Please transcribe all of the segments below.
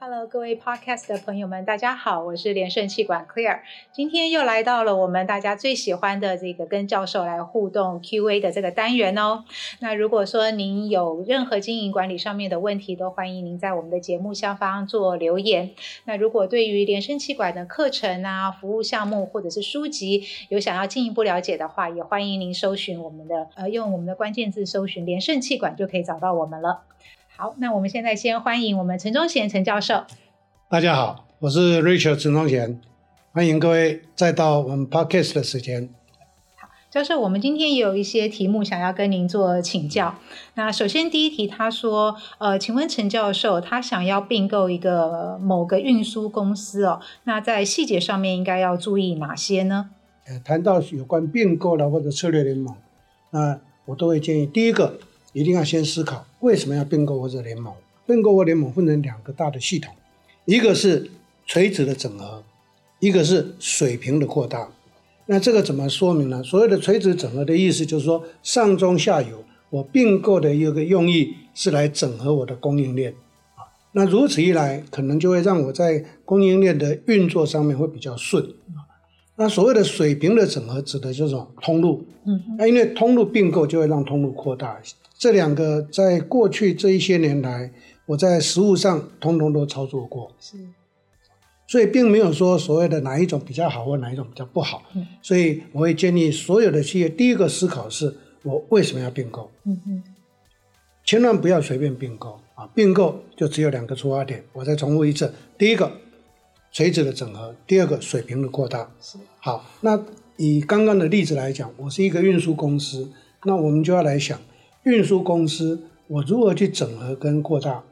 Hello，各位 Podcast 的朋友們，大家好，我是聯聖企管 Clear，今天又來到了我們大家最喜歡的這個跟教授來互動 Q&A 的這個單元哦。那如果說您有任何經營管理上面的問題，都歡迎您在我們的節目下方做留言。那如果對於聯聖企管的課程啊、服務項目或者是書籍有想要進一步了解的話，也歡迎您搜尋我們的呃，用我們的關鍵字搜尋“聯聖企管”就可以找到我們了。好，那我們現在先歡迎我們陳宗賢陳教授。大家好，我是 Rachel 陳宗賢，歡迎各位再到我們 Podcast 的時間。好，教授，我們今天也有一些題目想要跟您做請教。那首先第一題，他說，呃，請問陳教授，他想要併購一個某個運輸公司哦，那在細節上面應該要注意哪些呢？呃，談到有關併購了或者策略聯盟，那我都會建議，第一個一定要先思考，為什麼要併購或者聯盟？併購或者聯盟分成兩個大的系統，一個是垂直的整合，一個是水平的擴大。那這個怎麼說明呢？所謂的垂直整合的意思就是說，上中下游，我併購的一個用意是來整合我的供應鏈啊。那如此一來，可能就會讓我在供應鏈的運作上面會比較順。那所謂的水平的整合指的就是，指的這種通路，嗯，那因為通路併購就會讓通路擴大。這兩個在過去這一些年來，我在實務上通通都操作過，是，所以並沒有說所謂的哪一種比較好或哪一種比較不好，所以我會建議所有的企業，第一個思考是我為什麼要併購，嗯嗯，千萬不要隨便併購啊！併購就只有兩個出發點，我再重複一次，第一個垂直的整合，第二個水平的擴大。是，好，那以剛剛的例子來講，我是一個運輸公司，那我們就要來想。運輸公司，我如何去整合跟擴大？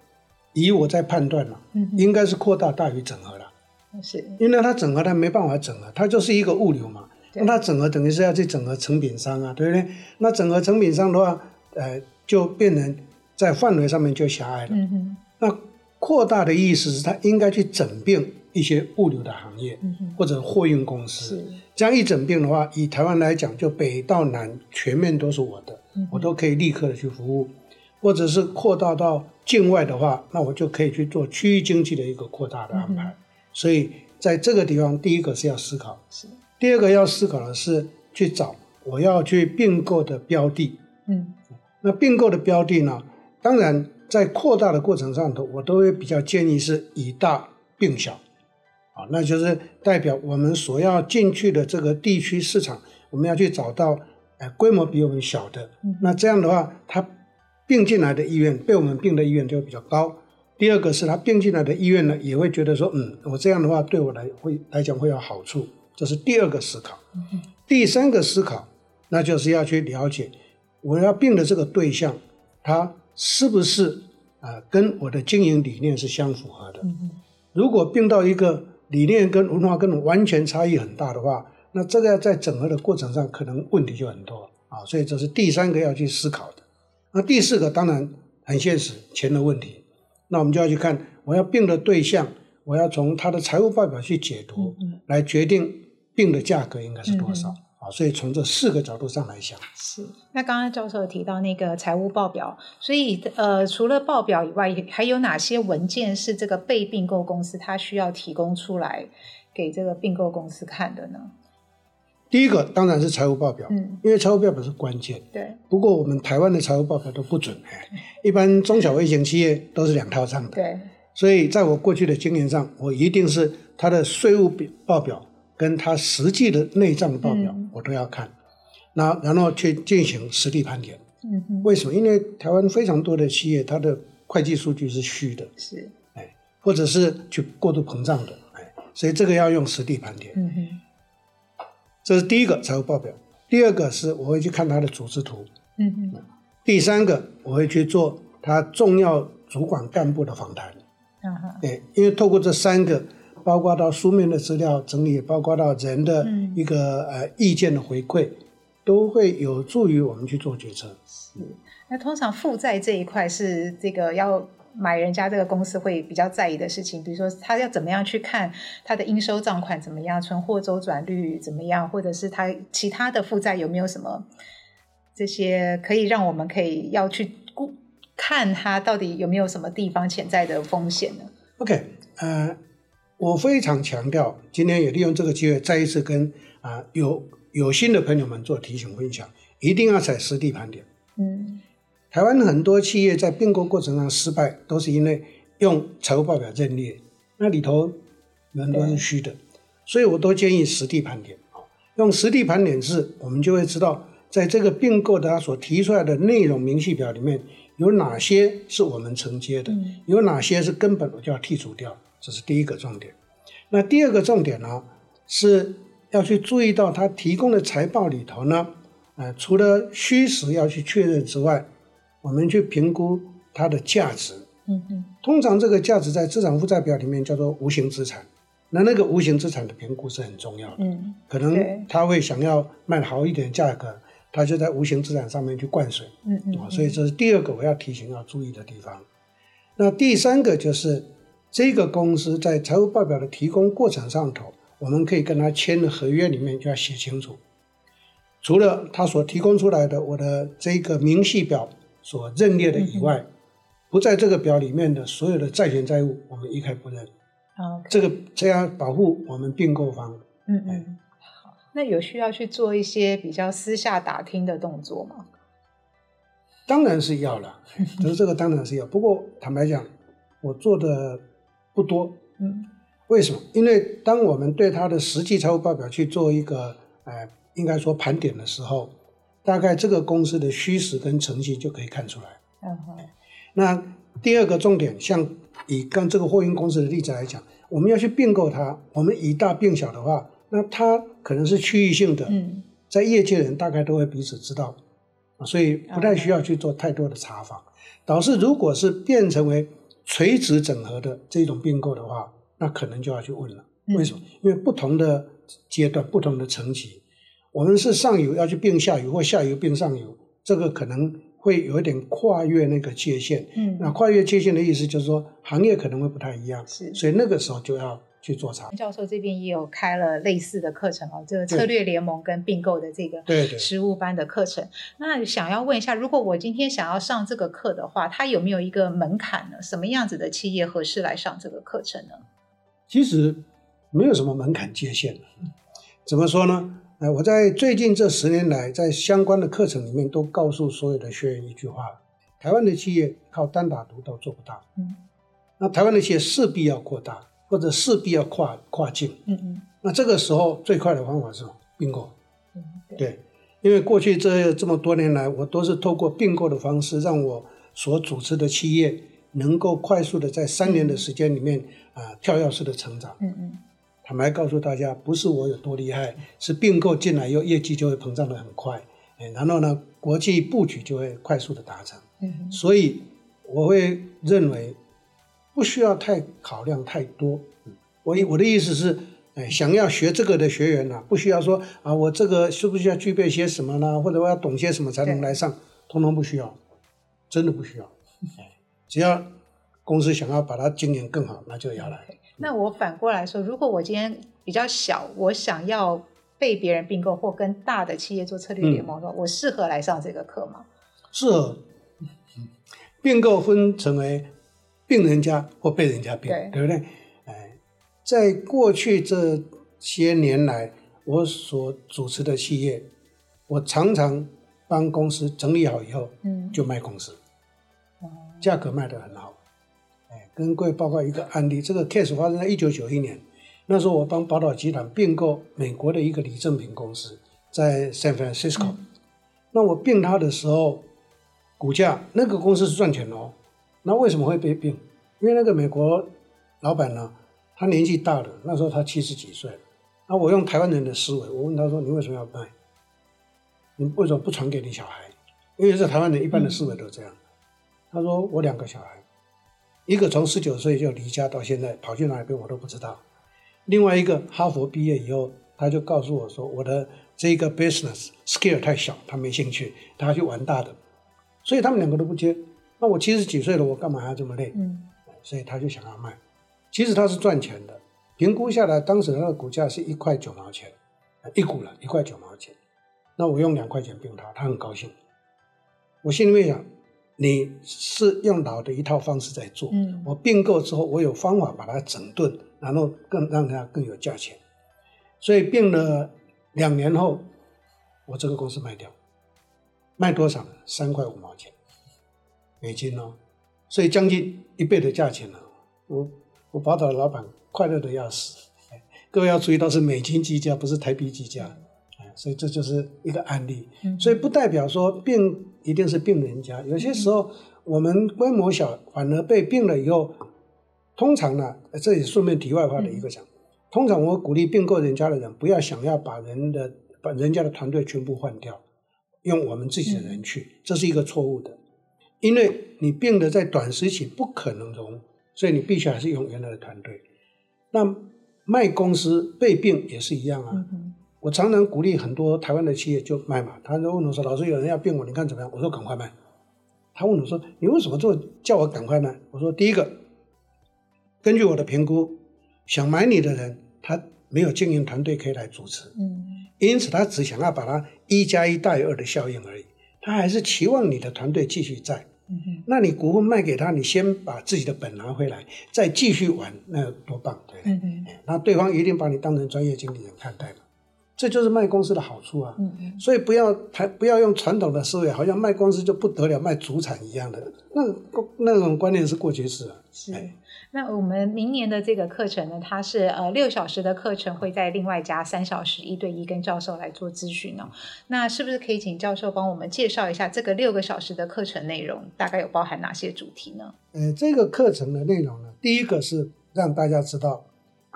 以我在判斷嘛，嗯、哼應該是擴大大於整合了。是因為它整合它沒辦法整合，它就是一個物流嘛。對那它整合等於是要去整合成品商啊，對不對？那整合成品商的話，呃，就變成在範圍上面就狹隘了。嗯、哼那擴大的意思是它應該去整併一些物流的行業、嗯、哼或者貨運公司。這樣一整併的話，以台灣來講，就北到南全面都是我的，嗯、哼我都可以立刻的去服務，或者是擴大到境外的話，那我就可以去做區域經濟的一個擴大的安排。嗯、哼所以在這個地方，第一個是要思考，是第二個要思考的是去找我要去併購的標的。嗯，那併購的標的呢，當然在擴大的過程上頭，我都會比較建議是以大併小。啊，那就是代表我們所要進去的這個地區市場，我們要去找到，呃，規模比我們小的。那這樣的話，他併進來的意願，被我們併的意願就會比較高。第二個是他併進來的意願呢，也會覺得說，嗯，我這樣的話對我來會來講會有好處。這是第二個思考。第三個思考，那就是要去了解我要併的這個對象，他是不是啊跟我的經營理念是相符合的。如果併到一個。理念跟文化根本完全差異很大的話，那這個要在整合的過程上可能問題就很多啊、哦，所以這是第三個要去思考的。那第四個當然很現實，錢的問題。那我們就要去看我要併的對象，我要從他的財務報表去解讀，嗯嗯，來決定併的價格應該是多少？嗯嗯所以從這四個角度上來想。是，那剛剛教授有提到那個財務報表，所以呃，除了報表以外，還有哪些文件是這個被併購公司他需要提供出來給這個併購公司看的呢？第一個當然是財務報表，嗯，因為財務報表是關鍵。對，不過我們台灣的財務報表都不準，哎，一般中小微型企業都是兩套賬的。對，所以在我過去的經驗上，我一定是他的稅務表報表。跟他實際的內賬的報表，我都要看，那、嗯、然後去進行實地盤點。嗯哼，為什麼？因為台灣非常多的企業，它的會計數據是虛的。是，哎，或者是去過度膨脹的，哎，所以這個要用實地盤點。嗯哼，這是第一個財務報表。第二個是我會去看它的組織圖。嗯哼，第三個我會去做它重要主管幹部的訪談。嗯哼。哎，因為透過這三個。包括到書面的資料整理，包括到人的一個呃意見的回饋，嗯，都會有助於我們去做決策。是。那通常負債這一塊是這個要買人家這個公司會比較在意的事情，比如說他要怎麼樣去看他的應收賬款怎麼樣，存貨週轉率怎麼樣，或者是他其他的負債有沒有什麼，這些可以讓我們可以要去顧看他到底有沒有什麼地方潛在的風險呢？OK，呃。我非常強調，今天也利用這個機會再一次跟啊、呃、有有心的朋友們做提醒分享，一定要採實地盤點。嗯，台灣很多企業在併購過程上失敗，都是因為用財務報表認列，那裡頭很多是虛的，對所以我都建議實地盤點啊、哦，用實地盤點制，我們就會知道，在這個併購的他所提出來的內容明細表裡面，有哪些是我們承接的，嗯、有哪些是根本我就要剔除掉。這是第一個重點，那第二個重點呢、啊，是要去注意到他提供的財報裡頭呢，呃，除了虛實要去確認之外，我們去評估它的價值。嗯嗯。通常這個價值在資產負債表裡面叫做無形資產，那那個無形資產的評估是很重要的。嗯。可能他會想要賣好一點價格，他就在無形資產上面去灌水。嗯嗯，嗯、哦。所以這是第二個我要提醒要注意的地方。那第三個就是。這個公司在財務報表的提供過程上頭，我們可以跟他簽的合約裡面就要寫清楚，除了他所提供出來的我的這個明細表所認列的以外，嗯、哼不在這個表裡面的所有的債權債務，我們一概不認。啊，Okay. 這個這樣保護我們併購方。嗯嗯、哎，好，那有需要去做一些比較私下打聽的動作嗎？當然是要了，只、就是這個當然是要， 不過坦白講，我做的。不多，嗯，為什麼？因為當我們對它的實際財務報表去做一個，呃，應該說盤點的時候，大概這個公司的虛實跟成績就可以看出來，嗯。那第二個重點，像以剛這個貨運公司的例子來講，我們要去併購它，我們以大併小的話，那它可能是區域性的，嗯，在業界人大概都會彼此知道，所以不太需要去做太多的查訪。倒是、嗯、如果是變成為垂直整合的這種併購的話，那可能就要去問了。為什麼？嗯，因為不同的階段，不同的層級，我們是上游要去併下游，或下游併上游，這個可能會有一點跨越那個界限。嗯，那跨越界限的意思就是說，行業可能會不太一樣。是，所以那個時候就要。去做茶，教授這邊也有開了類似的課程哦、喔，這個策略聯盟跟併購的這個實務班的課程。對對對，那想要問一下，如果我今天想要上這個課的話，它有沒有一個門檻呢？什麼樣子的企業合適來上這個課程呢？其實沒有什麼門檻界限，怎麼說呢？哎，我在最近這十年來，在相關的課程裡面都告訴所有的學員一句話：台灣的企業靠單打獨鬥做不大，嗯，那台灣的企業勢必要擴大。或者勢必要跨跨境，嗯嗯，那這個時候最快的方法是併購，嗯、對，對，因為過去這這麼多年來，我都是透過併購的方式，讓我所主持的企業能夠快速的在三年的時間裡面啊、嗯呃、跳躍式的成長，嗯嗯，坦白告訴大家，不是我有多厲害，嗯、是併購進來以後業績就會膨脹的很快、哎，然後呢，國際布局就會快速的達成，嗯嗯，所以我會認為。不需要太考量太多，嗯，我我的意思是，哎，想要學這個的學員呢、啊，不需要說啊，我這個是不是要具備些什麼呢，或者我要懂些什麼才能來上，對通通不需要，真的不需要，哎對，只要公司想要把它經營更好，那就要來。對嗯、那我反過來說，如果我今天比較小，我想要被別人併購或跟大的企業做策略聯盟的話，嗯、我適合來上這個課嗎？適合，併、嗯、購、嗯、分成為。病人家或被人家病，對，對不對？哎，在過去這些年來，我所主持的企業，我常常幫公司整理好以後，就賣公司，嗯、價格賣得很好。哎，跟各位報告一個案例，這個 case 發生在一九九一年，那時候我幫寶島集團併購美國的一個李正平公司，在 San Francisco。嗯、那我併他的時候，股價那個公司是賺錢的哦。那為什麼會被併？因為那個美國老闆呢，他年紀大了，那時候他七十幾歲。那我用台灣人的思維，我問他說：“你為什麼要賣？你為什麼不傳給你小孩？”因為這台灣人一般的思維都是這樣。他說：“我兩個小孩，一個從十九歲就離家到現在，跑去哪邊我都不知道；另外一個哈佛畢業以後，他就告訴我說我的這個 business scale 太小，他沒興趣，他去玩大的。所以他們兩個都不接。”那我七十幾歲了，我幹嘛還要這麼累？嗯，所以他就想要賣。其實他是賺錢的，評估下來當時那個股價是一塊九毛錢，一股了一塊九毛錢。那我用兩塊錢併購他，他很高興。我心裡面想，你是用老的一套方式在做，嗯，我併購之後，我有方法把它整頓，然後更讓它更有價錢。所以併了兩年後，我這個公司賣掉，賣多少？三塊五毛錢。美金哦，所以將近一倍的價錢了、啊。我我寶島的老闆快樂的要死、哎。各位要注意到是美金計價，不是台幣計價。哎，所以這就是一個案例。嗯、所以不代表說併一定是併人家。有些時候我們規模小，嗯、反而被併了以後，通常呢、啊，這也順便題外話的一個講。嗯、通常我鼓勵併購人家的人，不要想要把人的把人家的團隊全部換掉，用我們自己的人去，嗯、這是一個錯誤的。因為你併的在短時期不可能融，所以你必須還是用原來的團隊。那賣公司被併也是一樣啊。嗯、哼我常常鼓勵很多台灣的企業就賣嘛。他問我說：“老師，有人要併我，你看怎麼樣？”我說：“趕快賣。”他問我說：“你為什麼做叫我趕快賣？”我說：“第一個，根據我的評估，想買你的人他沒有經營團隊可以來主持，嗯、因此他只想要把它一加一大於二的效應而已。”他還是期望你的團隊繼續在，嗯、哼，那你股份賣給他，你先把自己的本拿回來，再繼續玩，那多棒，對不、嗯、對？那對方一定把你當成專業經理人看待嘛。這就是賣公司的好處啊，嗯嗯，所以不要不要用傳統的思維，好像賣公司就不得了，賣祖產一樣的，那那種觀念是過去式了、嗯。是，哎，那我們明年的這個課程呢，它是呃六小時的課程，會再另外加三小時一對一跟教授來做諮詢呢、哦。嗯、那是不是可以請教授幫我們介紹一下這個六個小時的課程內容，大概有包含哪些主題呢？呃、哎，這個課程的內容呢，第一個是讓大家知道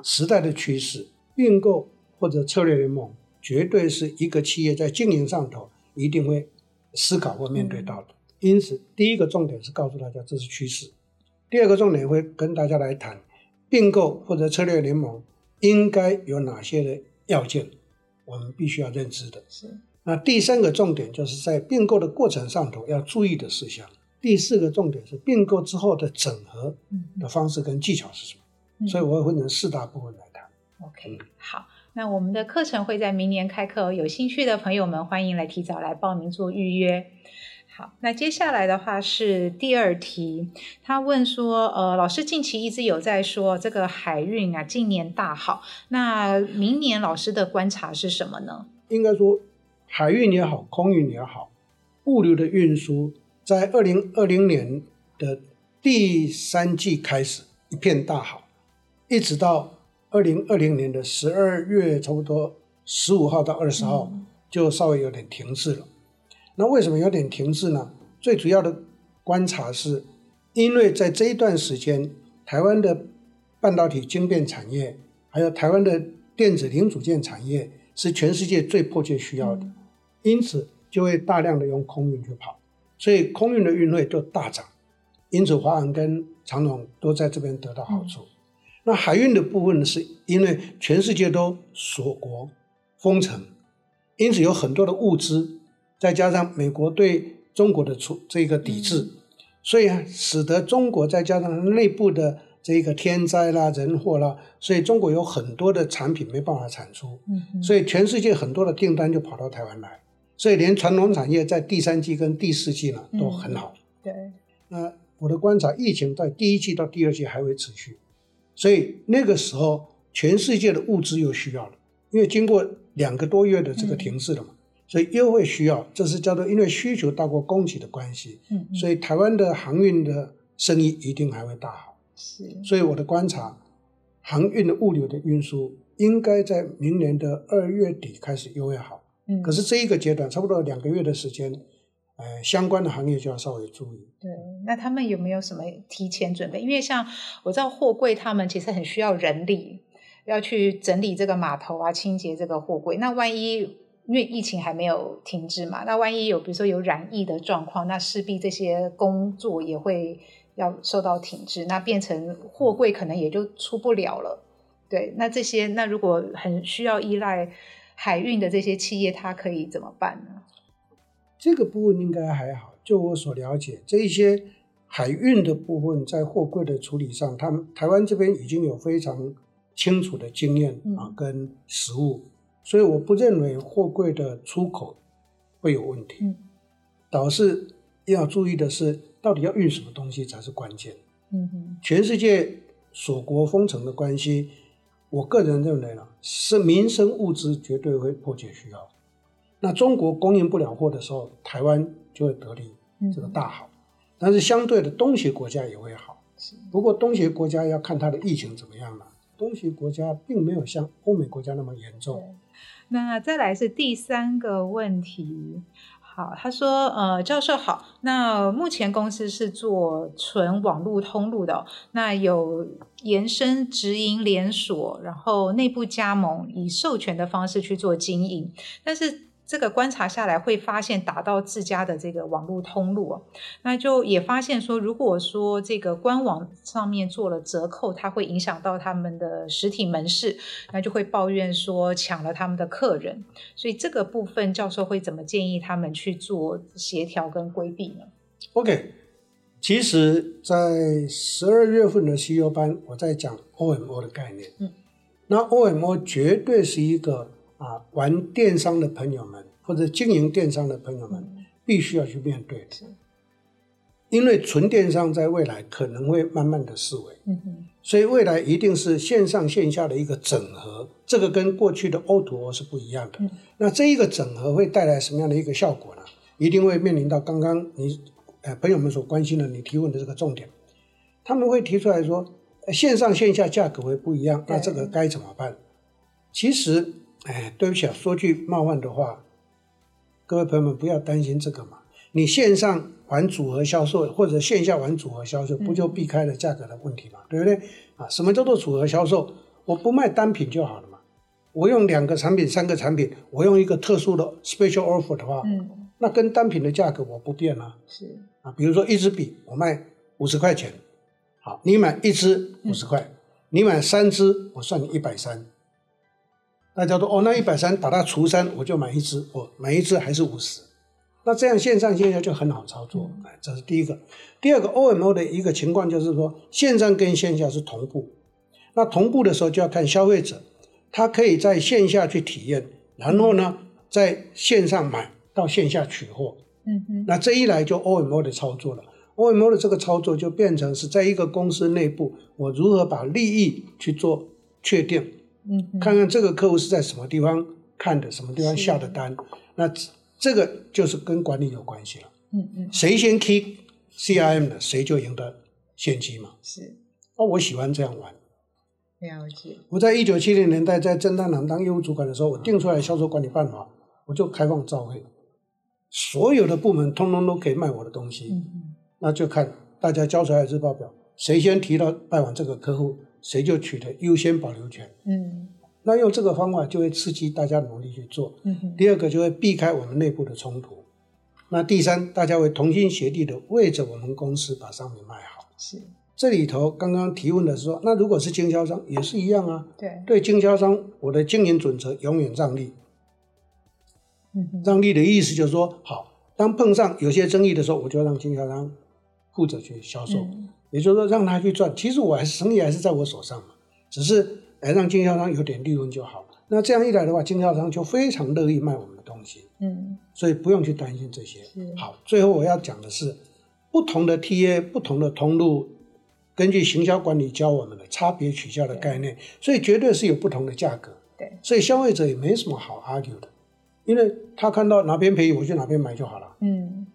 時代的趨勢，併購或者策略聯盟，絕對是一個企業在經營上頭一定會思考或面對到的。嗯。因此，第一個重點是告訴大家這是趨勢；第二個重點會跟大家來談併購或者策略聯盟應該有哪些的要件，我們必須要認知的。是。那第三個重點就是在併購的過程上頭要注意的事項；第四個重點是併購之後的整合的方式跟技巧是什麼。嗯。所以我會分成四大部分來談。OK，嗯。好。那我們的課程會在明年開課有興趣的朋友們歡迎來提早來報名做預約。好，那接下來的話是第二題，他問說，呃，老師近期一直有在說這個海運啊，今年大好，那明年老師的觀察是什麼呢？應該說，海運也好，空運也好，物流的運輸在二零二零年的第三季開始一片大好，一直到。二零二零年的十二月，差不多十五號到二十號就稍微有點停滯了。嗯、那為什麼有點停滯呢？最主要的觀察是，因為在這一段時間，台灣的半導體晶片產業，還有台灣的電子零組件產業，是全世界最迫切需要的，嗯、因此就會大量的用空運去跑，所以空運的運費就大漲，因此華航跟長榮都在這邊得到好處。嗯那海運的部分呢，是因為全世界都鎖國、封城，因此有很多的物資，再加上美國對中國的出這個抵制，嗯、所以使得中國再加上內部的這個天災啦、人禍啦，所以中國有很多的產品沒辦法產出，嗯，所以全世界很多的訂單就跑到台灣來，所以連傳統產業在第三季跟第四季呢都很好。嗯、對，那我的觀察，疫情在第一季到第二季還會持續。所以那個時候，全世界的物資又需要了，因為經過兩個多月的這個停滯了嘛，嗯、所以又會需要，這是叫做因為需求大過供給的關係，嗯，所以台灣的航運的生意一定還會大好，是，所以我的觀察，嗯、航運的物流的運輸應該在明年的二月底開始又會好，嗯，可是這一個階段差不多兩個月的時間。呃，相關的行業就要稍微注意。對，那他們有沒有什麼提前準備？因為像我知道貨櫃，他們其實很需要人力，要去整理這個碼頭啊，清潔這個貨櫃。那萬一因為疫情還沒有停滯嘛，那萬一有比如說有染疫的狀況，那勢必這些工作也會要受到停滯，那變成貨櫃可能也就出不了了。對，那這些那如果很需要依賴海運的這些企業，他可以怎麼辦呢？這個部分應該還好。就我所了解，這一些海運的部分在貨櫃的處理上，他們台灣這邊已經有非常清楚的經驗啊，嗯、跟實務。所以我不認為貨櫃的出口會有問題。倒是、嗯、要注意的是，到底要運什麼東西才是關鍵。嗯、哼全世界鎖國封城的關係，我個人認為是、啊、民生物資絕對會迫切需要。那中國供應不了貨的時候，台灣就會得利，這個大好。嗯、但是相對的，東協國家也會好。是不過東協國家要看它的疫情怎麼樣了。東協國家並沒有像歐美國家那麼嚴重。那再來是第三個問題。好，他說：呃，教授好。那目前公司是做純網絡通路的。那有延伸直營連鎖，然後內部加盟，以授權的方式去做經營，但是。這個觀察下來會發現，打到自家的這個網絡通路。啊，那就也發現說，如果說這個官網上面做了折扣，它會影響到他們的實體門市，那就會抱怨說搶了他們的客人。所以這個部分，教授會怎麼建議他們去做協調跟規避呢？OK，其實，在十二月份的 CEO 班，我在講 O M O 的概念。嗯，那 O M O 絕對是一個。啊，玩電商的朋友們，或者經營電商的朋友們，嗯、必須要去面對的，是因為純電商在未來可能會慢慢的式微，嗯哼，所以未來一定是線上線下的一個整合，嗯、這個跟過去的 O to O 是不一樣的。嗯、那這一個整合會帶來什麼樣的一個效果呢？一定會面臨到剛剛你呃朋友們所關心的你提問的這個重點，他們會提出來說，呃、線上線下價格會不一樣，對那這個該怎麼辦？嗯、其實。哎，對不起啊，說句冒犯的話，各位朋友們不要擔心這個嘛。你線上玩組合銷售，或者線下玩組合銷售，不就避開了價格的問題嘛，嗯、對不對？啊，什麼叫做組合銷售？我不賣單品就好了嘛。我用兩個產品、三個產品，我用一個特殊的 special offer 的話，嗯、那跟單品的價格我不變了、啊。是啊，比如說一支筆，我賣五十塊錢。好，你買一支五十塊，嗯、你買三支，我算你一百三。大家都哦，那一百三打到，除三，我就買一只。我、哦、買一只還是五十？那這樣線上線下就很好操作，哎、嗯，這是第一個。第二個 O M O 的一個情況就是說，線上跟線下是同步。那同步的時候就要看消費者，他可以在線下去體驗，然後呢，在線上買到線下取貨。嗯嗯哼，那這一來就 O M O 的操作了。O M O 的這個操作就變成是在一個公司內部，我如何把利益去做確定。嗯，看看這個客戶是在什麼地方看的，什麼地方下的單，的那這個就是跟管理有關係了。嗯嗯，誰先 kick CRM 的，的誰就贏得先機嘛。是。哦，我喜歡這樣玩。了解。我在一九七零年代在正大堂當業務主管的時候，我定出來銷售管理辦法，嗯、我就開放照會，所有的部門通通都可以賣我的東西。嗯嗯。那就看大家交出來的日報表，誰先提到拜訪這個客戶。誰就取得優先保留權。嗯，那用這個方法就會刺激大家努力去做。嗯，哼第二個就會避開我們內部的衝突。那第三，大家會同心協力的為着我們公司把商品賣好。是，這裡頭剛剛提問的是說，那如果是經銷商也是一樣啊。對，對，經銷商我的經營準則永遠讓利。嗯哼，讓利的意思就是說，好，當碰上有些爭議的時候，我就要讓經銷商負責去銷售。嗯也就是說，讓他去賺，其實我還是生意還是在我手上嘛，只是來讓經銷商有點利潤就好。那這樣一來的話，經銷商就非常樂意賣我們的東西，嗯，所以不用去擔心這些。是好，最後我要講的是，不同的 TA，不同的通路，根據行銷管理教我們的差別取價的概念，對所以絕對是有不同的價格，對，所以消費者也沒什麼好 argue 的，因為他看到哪邊便宜，我去哪邊買就好了，嗯，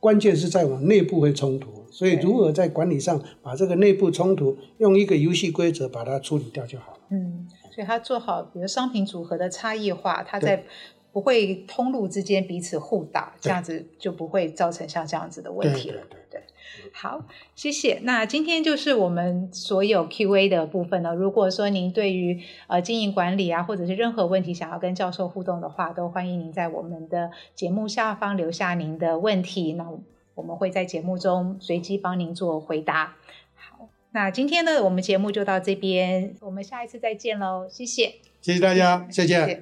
關鍵是在我內部會衝突。所以如何在管理上把這個內部衝突用一個遊戲規則把它處理掉就好了。嗯，所以他做好，比如商品組合的差異化，他在對不會通路，之間彼此互打，這樣子就不會造成像這樣子的問題了。對對對，對，好，謝謝。那今天就是我們所有 QA 的部分了。如果說您對於呃經營管理啊，或者是任何問題想要跟教授互動的話，都歡迎您在我們的節目下方留下您的問題。那。我們會在節目中隨機幫您做回答。好，那今天呢，我們節目就到這邊，我們下一次再見嘍，謝謝，謝謝大家，再見，謝謝，謝謝。